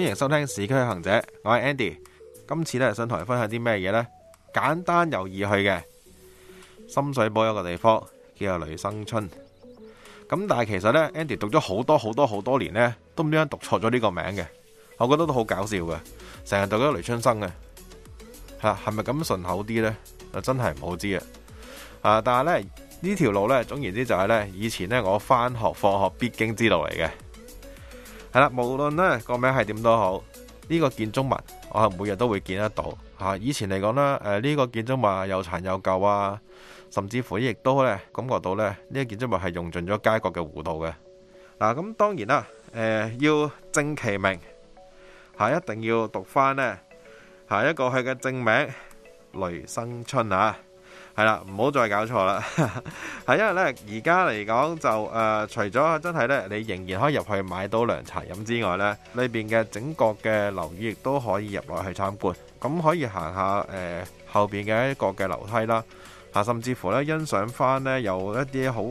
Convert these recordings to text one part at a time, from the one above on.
歡迎收聽市區行者，我係 Andy，今次呢想同你分享啲咩嘢呢？簡單又易去嘅深水埗有個地方叫做雷生春，咁但係其實呢 Andy 讀咗好多好多好多年呢，都唔知點解讀錯咗呢個名嘅，我覺得都好搞笑嘅，成日讀咗雷春生嘅，吓係咪咁順口啲呢？啊真係唔好知啊！啊但係呢，呢條路呢，總言之就係呢，以前呢，我返學放學必經之路嚟嘅。係啦，無論呢個名係點都好，呢、這個建築物我係每日都會見得到。吓，以前嚟講咧，誒、這、呢個建築物又殘又舊啊，甚至乎亦都咧感覺到咧呢個建築物係用盡咗街角嘅弧度嘅。嗱，咁當然啦，誒要正其名，係一定要讀翻呢。下一個佢嘅正名雷生春啊。係啦，唔好再搞錯啦。係 因為呢，而家嚟講就誒、呃，除咗真係呢，你仍然可以入去買到涼茶飲之外呢，裏邊嘅整個嘅樓宇亦都可以入內去參觀。咁可以行下誒、呃、後邊嘅一個嘅樓梯啦。嚇，甚至乎呢，欣賞翻呢有一啲好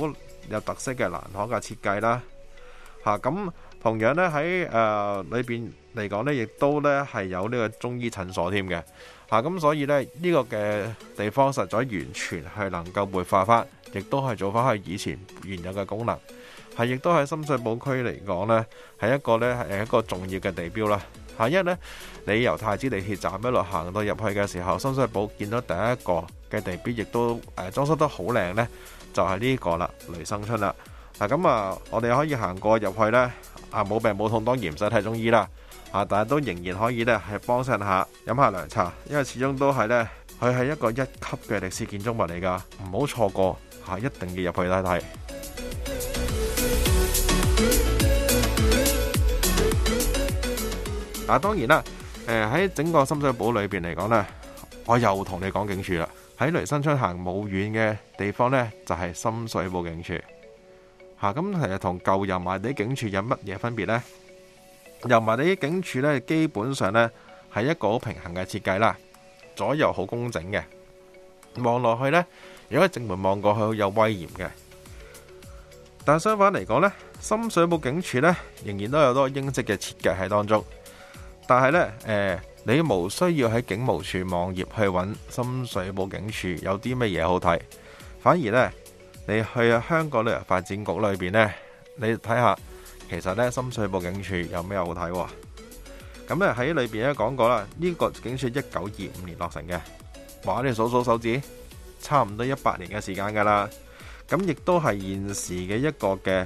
有特色嘅蘭行嘅設計啦。嚇，咁同樣呢，喺誒裏邊嚟講呢，亦都呢係有呢個中醫診所添嘅。啊，咁所以呢呢個嘅地方實在完全係能夠活化翻，亦都係做翻佢以前原有嘅功能，係亦都喺深水埗區嚟講呢，係一個呢係一個重要嘅地標啦。嚇，因為呢你由太子地鐵站一路行到入去嘅時候，深水埗見到第一個嘅地標，亦都誒裝修得好靚呢，就係呢個啦，雷生春啦。嗱，咁啊，我哋可以行過入去呢，啊冇病冇痛，當然唔使睇中醫啦。啊！但係都仍然可以咧，係幫襯下飲下涼茶，因為始終都係咧，佢係一個一級嘅歷史建築物嚟噶，唔好錯過吓，一定要入去睇睇。嗱， 當然啦，誒喺整個深水埗裏邊嚟講呢，我又同你講警署啦，喺雷生春行冇遠嘅地方呢，就係、是、深水埗警署。吓、啊、咁，其實同舊油麻地警署有乜嘢分別呢？又埋你啲警署咧，基本上咧係一個好平衡嘅設計啦，左右好工整嘅，望落去咧，如果喺正門望過去，好有威嚴嘅。但係相反嚟講咧，深水埗警署咧仍然都有多英式嘅設計喺當中。但係咧，誒，你無需要喺警務處網頁去揾深水埗警署有啲咩嘢好睇，反而咧，你去香港旅遊發展局裏邊咧，你睇下。其實咧，深水埗警署有咩好睇？咁咧喺裏邊咧講過啦，呢個警署一九二五年落成嘅，話你數數手指，差唔多一百年嘅時間噶啦。咁亦都係現時嘅一個嘅誒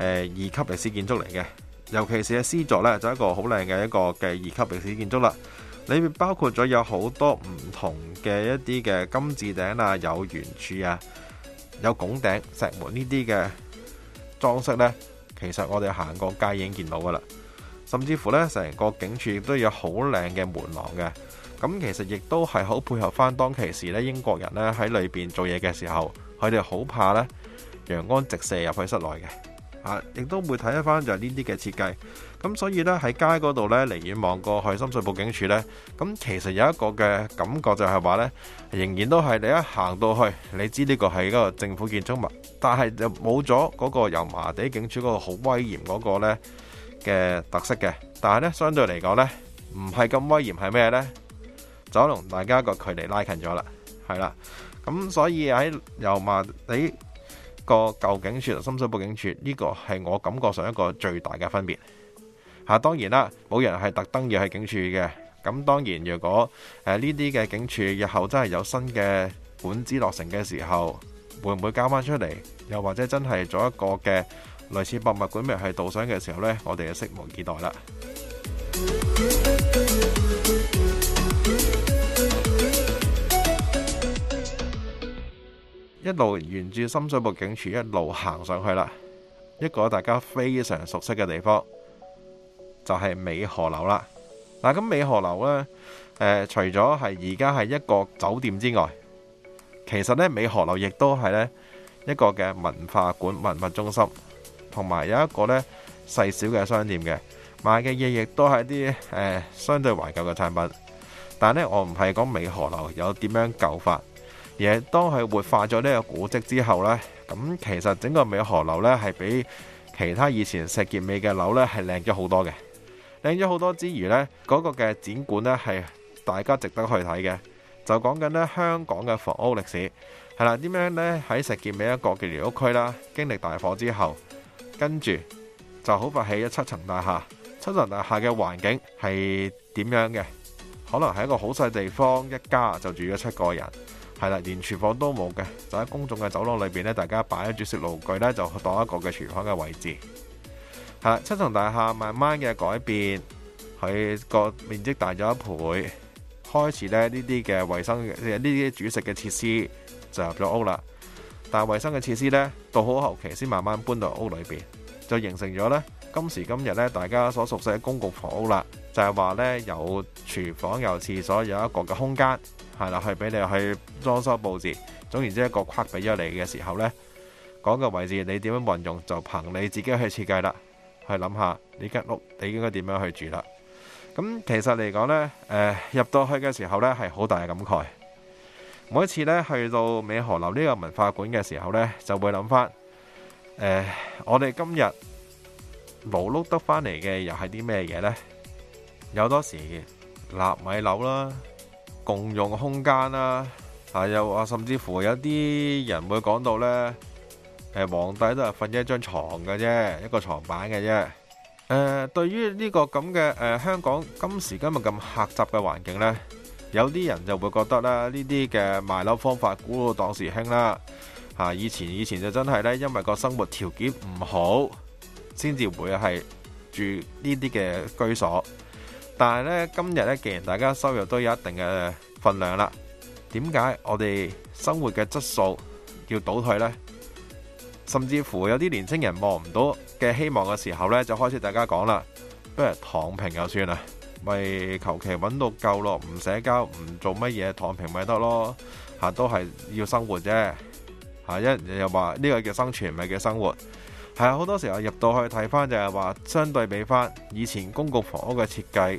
二級歷史建築嚟嘅。尤其是嘅 C 座咧，就一個好靚嘅一個嘅二級歷史建築啦。裏邊包括咗有好多唔同嘅一啲嘅金字頂啊、有圓柱啊、有拱頂、石門呢啲嘅裝飾咧。其實我哋行過街已經見到㗎喇，甚至乎呢成個警署都有好靚嘅門廊嘅，咁其實亦都係好配合返當其時呢英國人呢喺裏面做嘢嘅時候，佢哋好怕呢陽光直射入去室內嘅。啊，亦都會睇一翻就係呢啲嘅設計，咁所以呢，喺街嗰度呢，離遠望過去深水埗警署呢，咁其實有一個嘅感覺就係話呢，仍然都係你一行到去，你知呢個係一個政府建築物，但係就冇咗嗰個油麻地警署嗰個好威嚴嗰個呢嘅特色嘅，但係呢，相對嚟講呢，唔係咁威嚴係咩呢？就同大家個距離拉近咗啦，係啦，咁所以喺油麻地。這個舊警署同深水埗警署呢，這個係我感覺上一個最大嘅分別。吓，當然啦，冇人係特登要喺警署嘅。咁當然，如果誒呢啲嘅警署日後真係有新嘅館址落成嘅時候，會唔會交翻出嚟？又或者真係做一個嘅類似博物館，未係導賞嘅時候呢，我哋就拭目以待啦。一路沿住深水埗警署一路行上去啦，一個大家非常熟悉嘅地方，就係美荷樓啦。嗱，咁美荷樓咧，誒、呃，除咗係而家係一個酒店之外，其實咧美荷樓亦都係咧一個嘅文化館、文物中心，同埋有一個咧細小嘅商店嘅，賣嘅嘢，亦都係啲誒相對懷舊嘅產品。但係咧，我唔係講美荷樓有點樣舊法。而當佢活化咗呢個古蹟之後呢，咁其實整個美荷樓呢，係比其他以前石硤尾嘅樓呢，係靚咗好多嘅，靚咗好多之餘呢，嗰、那個嘅展館呢，係大家值得去睇嘅，就講緊呢，香港嘅房屋歷史係啦，點樣呢？喺石硤尾一個舊寮屋區啦，經歷大火之後，跟住就好快起咗七層大廈，七層大廈嘅環境係點樣嘅？可能係一個好細地方，一家就住咗七個人。係啦，連廚房都冇嘅，就喺公眾嘅走廊裏邊呢，大家擺咗煮食爐具呢，就當一個嘅廚房嘅位置。係啦，七層大廈慢慢嘅改變，佢個面積大咗一倍，開始呢呢啲嘅衞生嘅呢啲煮食嘅設施就入咗屋啦。但係衞生嘅設施呢，到好後期先慢慢搬到屋裏邊，就形成咗呢今時今日呢大家所熟悉嘅公共房屋啦。就係話呢，有廚房、有廁所，有一個嘅空間。係啦，去俾你去裝修佈置，總言之一個框俾咗你嘅時候咧，講個位置你點樣運用就憑你自己去設計啦，去諗下呢間屋你應該點樣去住啦。咁其實嚟講咧，誒入到去嘅時候咧係好大嘅感慨。每一次咧去到美荷樓呢個文化館嘅時候咧，就會諗翻誒我哋今日勞碌得返嚟嘅又係啲咩嘢咧？有多時納米樓啦。共用空間啦，嚇又話，甚至乎有啲人會講到呢：「誒皇帝都係瞓一張床嘅啫，一個床板嘅啫。」誒、呃，對於呢個咁嘅誒香港今時今日咁狹窄嘅環境呢，有啲人就會覺得咧，呢啲嘅賣樓方法古老當時興啦。嚇，以前以前就真係呢，因為個生活條件唔好，先至會係住呢啲嘅居所。但係咧，今日咧，既然大家收入都有一定嘅份量啦，點解我哋生活嘅質素要倒退呢？甚至乎有啲年青人望唔到嘅希望嘅時候呢，就開始大家講啦，不如躺平就算啦，咪求其搵到夠咯，唔社交唔做乜嘢，躺平咪得咯，吓都係要生活啫，吓一又話呢個叫生存，唔係叫生活，係啊，好多時候入到去睇翻就係話相對比翻以前公共房屋嘅設計。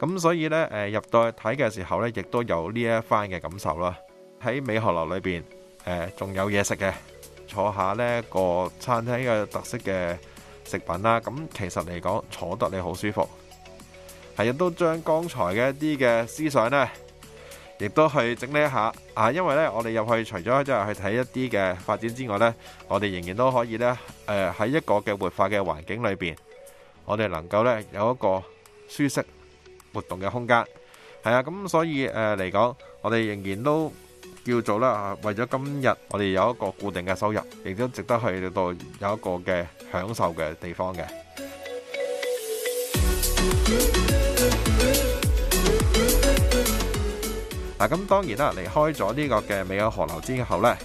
咁所以呢，入到去睇嘅時候呢，亦都有呢一番嘅感受啦。喺美荷樓裏面，仲、呃、有嘢食嘅，坐下呢個餐廳嘅特色嘅食品啦。咁、嗯、其實嚟講，坐得你好舒服，係亦都將剛才嘅一啲嘅思想呢，亦都去整理一下啊。因為呢，我哋入去除咗即係去睇一啲嘅發展之外呢，我哋仍然都可以呢，喺、呃、一個嘅活化嘅環境裏面，我哋能夠呢，有一個舒適。活動嘅空間，係啊，咁所以誒嚟講，我哋仍然都叫做啦，為咗今日我哋有一個固定嘅收入，亦都值得去到有一個嘅享受嘅地方嘅。嗱，咁 當然啦，離開咗呢個嘅美亞河流之後呢，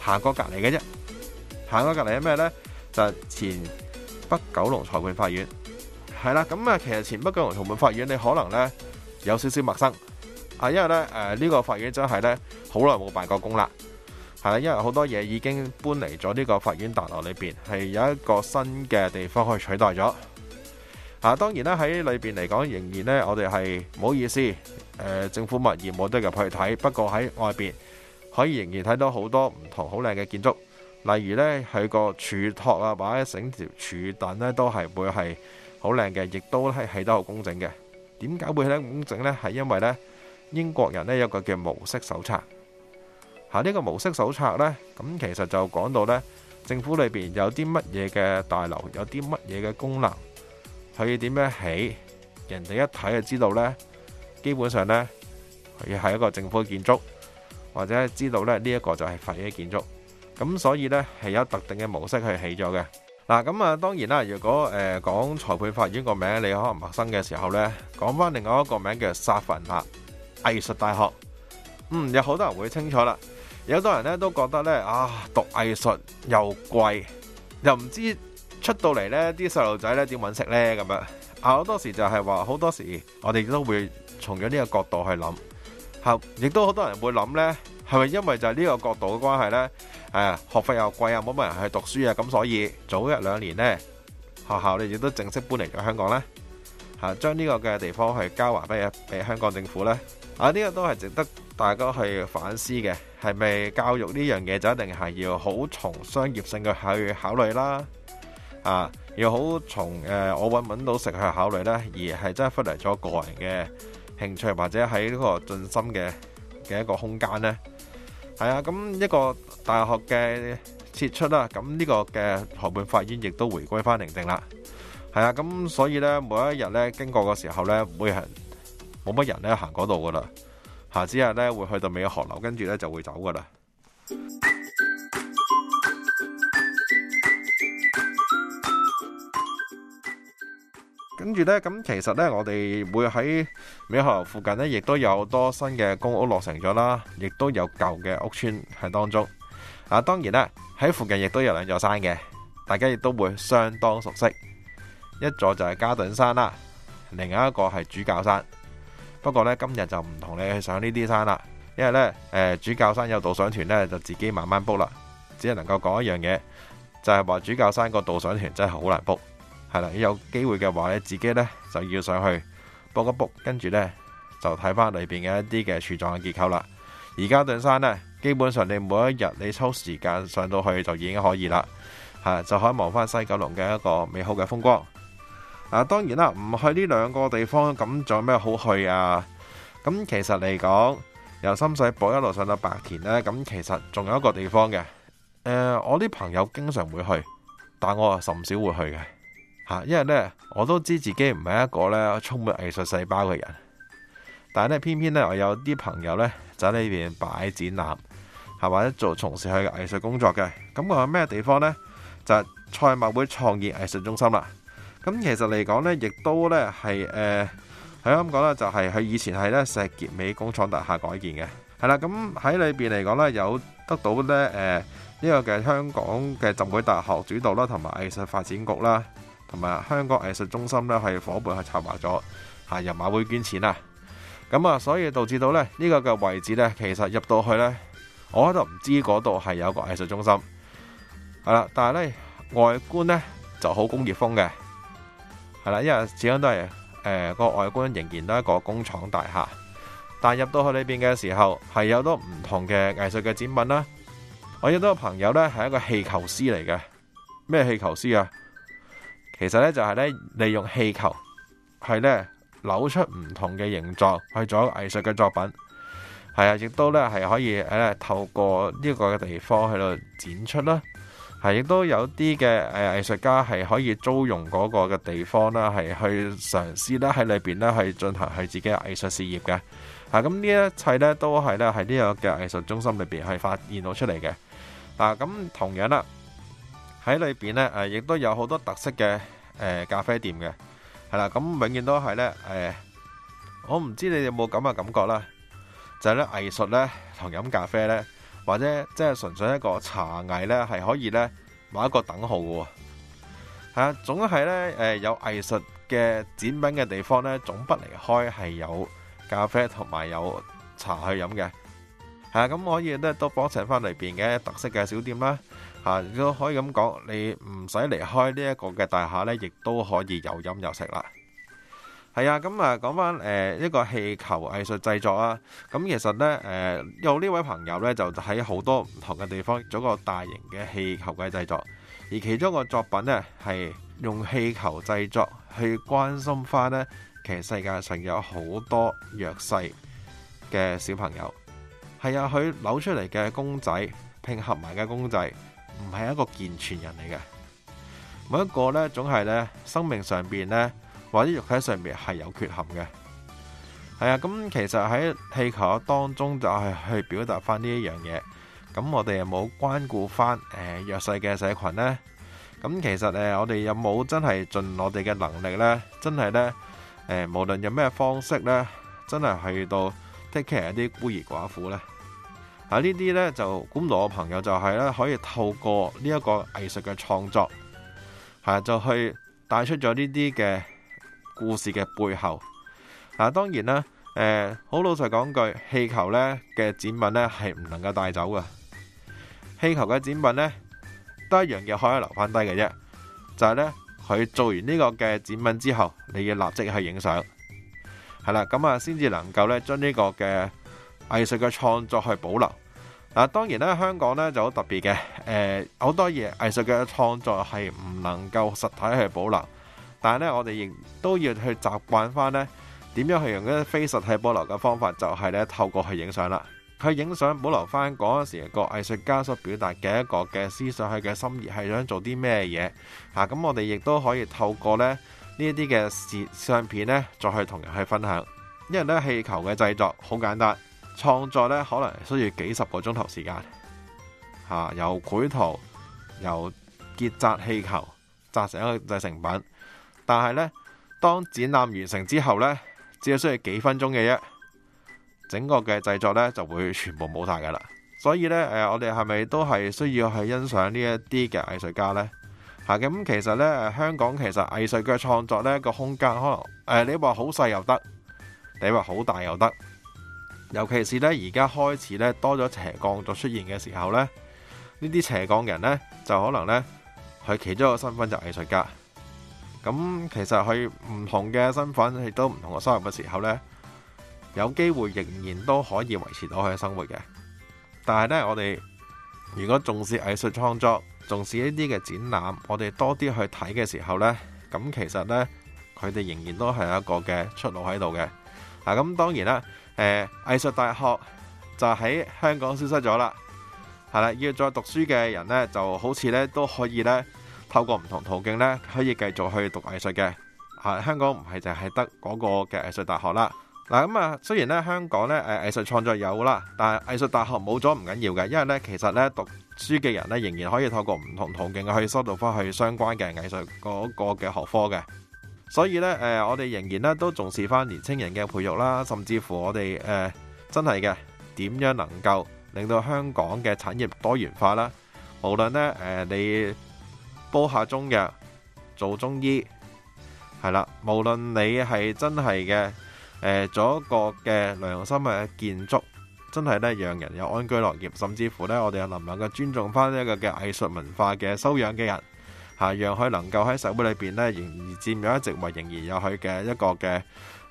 行過隔離嘅啫，行過隔離係咩呢？就前北九龍裁判法院。係啦，咁啊，其實前北九龍裁判法院，你可能呢有少少陌生啊，因為呢誒呢個法院真係呢好耐冇辦過公啦，係啦，因為好多嘢已經搬嚟咗呢個法院大樓裏邊，係有一個新嘅地方可以取代咗啊。當然呢，喺裏邊嚟講，仍然呢，我哋係唔好意思，政府物業冇得入去睇。不過喺外邊可以仍然睇到好多唔同好靚嘅建築，例如呢，係個柱托啊，或者整條柱凳呢都係會係。好靚嘅，亦都係起得好工整嘅。點解會起得咁工整呢？係因為呢英國人呢有一個叫模式手冊。吓，呢個模式手冊呢，咁其實就講到呢政府裏邊有啲乜嘢嘅大樓，有啲乜嘢嘅功能，佢要點樣起？人哋一睇就知道呢，基本上呢佢係一個政府嘅建築，或者知道呢呢一個就係法醫嘅建築。咁所以呢係有特定嘅模式去起咗嘅。嗱，咁啊，當然啦，如果誒、呃、講裁判法院個名你可能陌生嘅時候呢，講翻另外一個名叫薩凡納藝術大學。嗯，有好多人會清楚啦，有好多人呢都覺得呢，啊，讀藝術又貴，又唔知出到嚟呢啲細路仔呢點揾食呢。咁樣。好多時就係話，好多時我哋都會從咗呢個角度去諗，亦、嗯、都好多人會諗呢。係咪因為就係呢個角度嘅關係咧？誒，學費又貴啊，冇乜人去讀書啊，咁所以早一兩年咧，學校咧亦都正式搬嚟咗香港咧，吓將呢個嘅地方去交還俾啊俾香港政府咧。啊，呢個都係值得大家去反思嘅，係咪教育呢樣嘢就一定係要好從商業性嘅去考慮啦？啊，要好從誒我搵唔搵到食去考慮咧，而係真係忽略咗個人嘅興趣或者喺呢個進深嘅嘅一個空間咧？係啊，咁一個大學嘅撤出啦，咁呢個嘅河畔法院亦都回歸返寧靜啦。係啊，咁所以呢，每一日呢經過嘅時候呢，唔會係冇乜人呢行嗰度噶啦，下次呢咧會去到美嘅河流，跟住呢就會走噶啦。跟住呢，咁其實呢，我哋會喺美荷樓附近呢，亦都有多新嘅公屋落成咗啦，亦都有舊嘅屋邨喺當中。啊，當然啦，喺附近亦都有兩座山嘅，大家亦都會相當熟悉。一座就係嘉頓山啦，另一個係主教山。不過呢，今日就唔同你去上呢啲山啦，因為呢，誒，主教山有導賞團呢，就自己慢慢 book 啦。只係能夠講一樣嘢，就係話主教山個導賞團真係好難 book。係啦，有機會嘅話咧，你自己咧就要上去博一博，跟住呢，就睇翻裏邊嘅一啲嘅柱狀嘅結構啦。而家段山呢，基本上你每一日你抽時間上到去就已經可以啦，吓就可以望翻西九龍嘅一個美好嘅風光。啊，當然啦，唔去呢兩個地方咁，仲有咩好去啊？咁其實嚟講，由深水埗一路上到白田呢，咁其實仲有一個地方嘅。誒、呃，我啲朋友經常會去，但我啊甚少會去嘅。嚇，因為咧我都知自己唔係一個咧充滿藝術細胞嘅人，但係咧偏偏咧我有啲朋友咧喺呢邊擺展覽，或者做從事佢嘅藝術工作嘅，咁，佢喺咩地方呢？就係賽馬會創意藝術中心啦。咁其實嚟講咧，亦都咧係誒，係咁講啦，就係佢以前係咧石硤尾工廠大廈改建嘅係啦。咁喺裏邊嚟講咧，有得到咧誒呢個嘅香港嘅浸會大學主導啦，同埋藝術發展局啦。同埋香港藝術中心咧係伙伴去策劃咗吓，人馬會捐錢啊！咁啊，所以導致到咧呢個嘅位置呢，其實入到去呢，我喺度唔知嗰度係有個藝術中心係啦，但係呢，外觀呢就好工業風嘅係啦，因為始終都係誒個外觀仍然都係一個工廠大廈，但入到去呢邊嘅時候係有好多唔同嘅藝術嘅展品啦。我有多個朋友呢，係一個氣球師嚟嘅，咩氣球師啊？其實咧就係咧利用氣球係咧扭出唔同嘅形狀去做一個藝術嘅作品，係啊，亦都咧係可以誒透過呢個嘅地方喺度展出啦，係亦都有啲嘅誒藝術家係可以租用嗰個嘅地方啦，係去嘗試啦，喺裏邊咧係進行係自己嘅藝術事業嘅，啊咁呢一切咧都係咧喺呢個嘅藝術中心裏邊係發現到出嚟嘅，啊咁同樣啦。喺裏邊咧，誒，亦都有好多特色嘅誒咖啡店嘅，係啦。咁永遠都係咧，誒，我唔知你哋有冇咁嘅感覺咧，就係咧藝術咧同飲咖啡咧，或者即係純粹一個茶藝咧，係可以咧畫一個等號嘅。吓，總係咧，誒，有藝術嘅展品嘅地方咧，總不離開係有咖啡同埋有茶去飲嘅。吓，咁可以咧都幫襯翻裏邊嘅特色嘅小店啦。都可以咁講，你唔使離開呢一個嘅大廈呢，亦都可以有飲有食啦。係啊，咁啊，講翻誒一個氣球藝術製作啊。咁其實呢，誒、呃、有呢位朋友呢，就喺好多唔同嘅地方做一個大型嘅氣球嘅製作，而其中一個作品呢，係用氣球製作去關心翻呢，其實世界上有好多弱勢嘅小朋友。係啊，佢扭出嚟嘅公仔，拼合埋嘅公仔。唔係一個健全人嚟嘅，每一個咧，總係咧，生命上邊咧，或者肉體上邊係有缺陷嘅。係啊，咁其實喺氣球當中就係去表達翻呢一樣嘢。咁我哋又冇關顧翻誒弱勢嘅社群咧。咁其實誒我哋有冇真係盡我哋嘅能力咧？真係咧，誒，無論有咩方式咧，真係去到 take care 一啲孤兒寡婦咧。啊！呢啲咧就觀衆朋友就係、是、咧可以透過呢一個藝術嘅創作、啊，就去帶出咗呢啲嘅故事嘅背後。啊，當然啦，誒、呃、好老實講句，氣球咧嘅展品咧係唔能夠帶走嘅。氣球嘅展品咧，得一樣嘢可以留翻低嘅啫，就係咧佢做完呢個嘅展品之後，你要立即去影相，係啦，咁啊先至能夠咧將呢個嘅。藝術嘅創作去保留嗱，當然咧，香港咧就好特別嘅。誒、呃，好多嘢藝術嘅創作係唔能夠實體去保留，但係咧，我哋亦都要去習慣翻咧點樣去用一啲非實體保留嘅方法，就係、是、咧透過去影相啦。去影相保留翻嗰陣時個藝術家所表達嘅一個嘅思想，去嘅心意係想做啲咩嘢嚇。咁、啊、我哋亦都可以透過咧呢一啲嘅攝相片咧，再去同人去分享，因為咧氣球嘅製作好簡單。創作咧可能需要幾十個鐘頭時間，吓由繪圖，由結紮氣球紮成一個製成品。但係咧，當展覽完成之後咧，只要需要幾分鐘嘅啫。整個嘅製作咧就會全部冇晒噶啦。所以咧，誒，我哋係咪都係需要去欣賞呢一啲嘅藝術家咧？吓咁，其實咧，誒，香港其實藝術嘅創作咧個空間可能誒，你話好細又得，你話好大又得。尤其是咧，而家開始咧多咗斜槓族出現嘅時候呢，呢啲斜槓嘅人呢，就可能呢，佢其中一個身份就係藝術家。咁其實佢唔同嘅身份亦都唔同嘅收入嘅時候呢，有機會仍然都可以維持到佢嘅生活嘅。但係呢，我哋如果重視藝術創作，重視呢啲嘅展覽，我哋多啲去睇嘅時候呢，咁其實呢，佢哋仍然都係有一個嘅出路喺度嘅嗱。咁當然啦。誒、呃，藝術大學就喺香港消失咗啦，係啦，要再讀書嘅人呢，就好似呢都可以呢透過唔同途徑呢可以繼續去讀藝術嘅。啊，香港唔係淨係得嗰個嘅藝術大學啦。嗱、啊，咁、嗯、啊，雖然呢香港呢誒藝術創作有啦，但係藝術大學冇咗唔緊要嘅，因為呢其實呢讀書嘅人呢仍然可以透過唔同途徑去修讀返去相關嘅藝術嗰個嘅學科嘅。所以咧，誒、呃、我哋仍然咧都重視翻年青人嘅培育啦，甚至乎我哋誒、呃、真係嘅點樣能夠令到香港嘅產業多元化啦。無論呢誒你煲下中藥做中醫係啦，無論你係真係嘅誒做一個嘅良心嘅建築真係咧讓人又安居樂業，甚至乎咧我哋又能唔能夠尊重翻一個嘅藝術文化嘅修養嘅人，嚇，讓佢能夠喺社會裏邊咧，仍然佔咗一席位，仍然有佢嘅一個嘅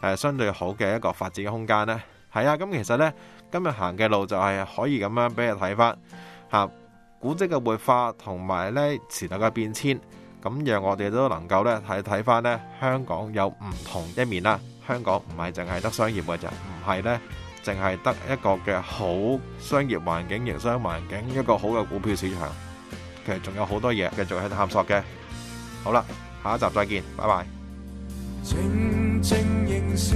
誒相對好嘅一個發展嘅空間咧。係啊，咁其實咧今日行嘅路就係可以咁樣俾你睇翻嚇，古蹟嘅活化同埋咧時代嘅變遷，咁讓我哋都能夠咧係睇翻咧香港有唔同一面啦。香港唔係淨係得商業嘅啫，唔係咧淨係得一個嘅好商業環境、營商環境，一個好嘅股票市場。其實仲有好多嘢繼續喺度探索嘅。好啦，下一集再見，拜拜。正正凝視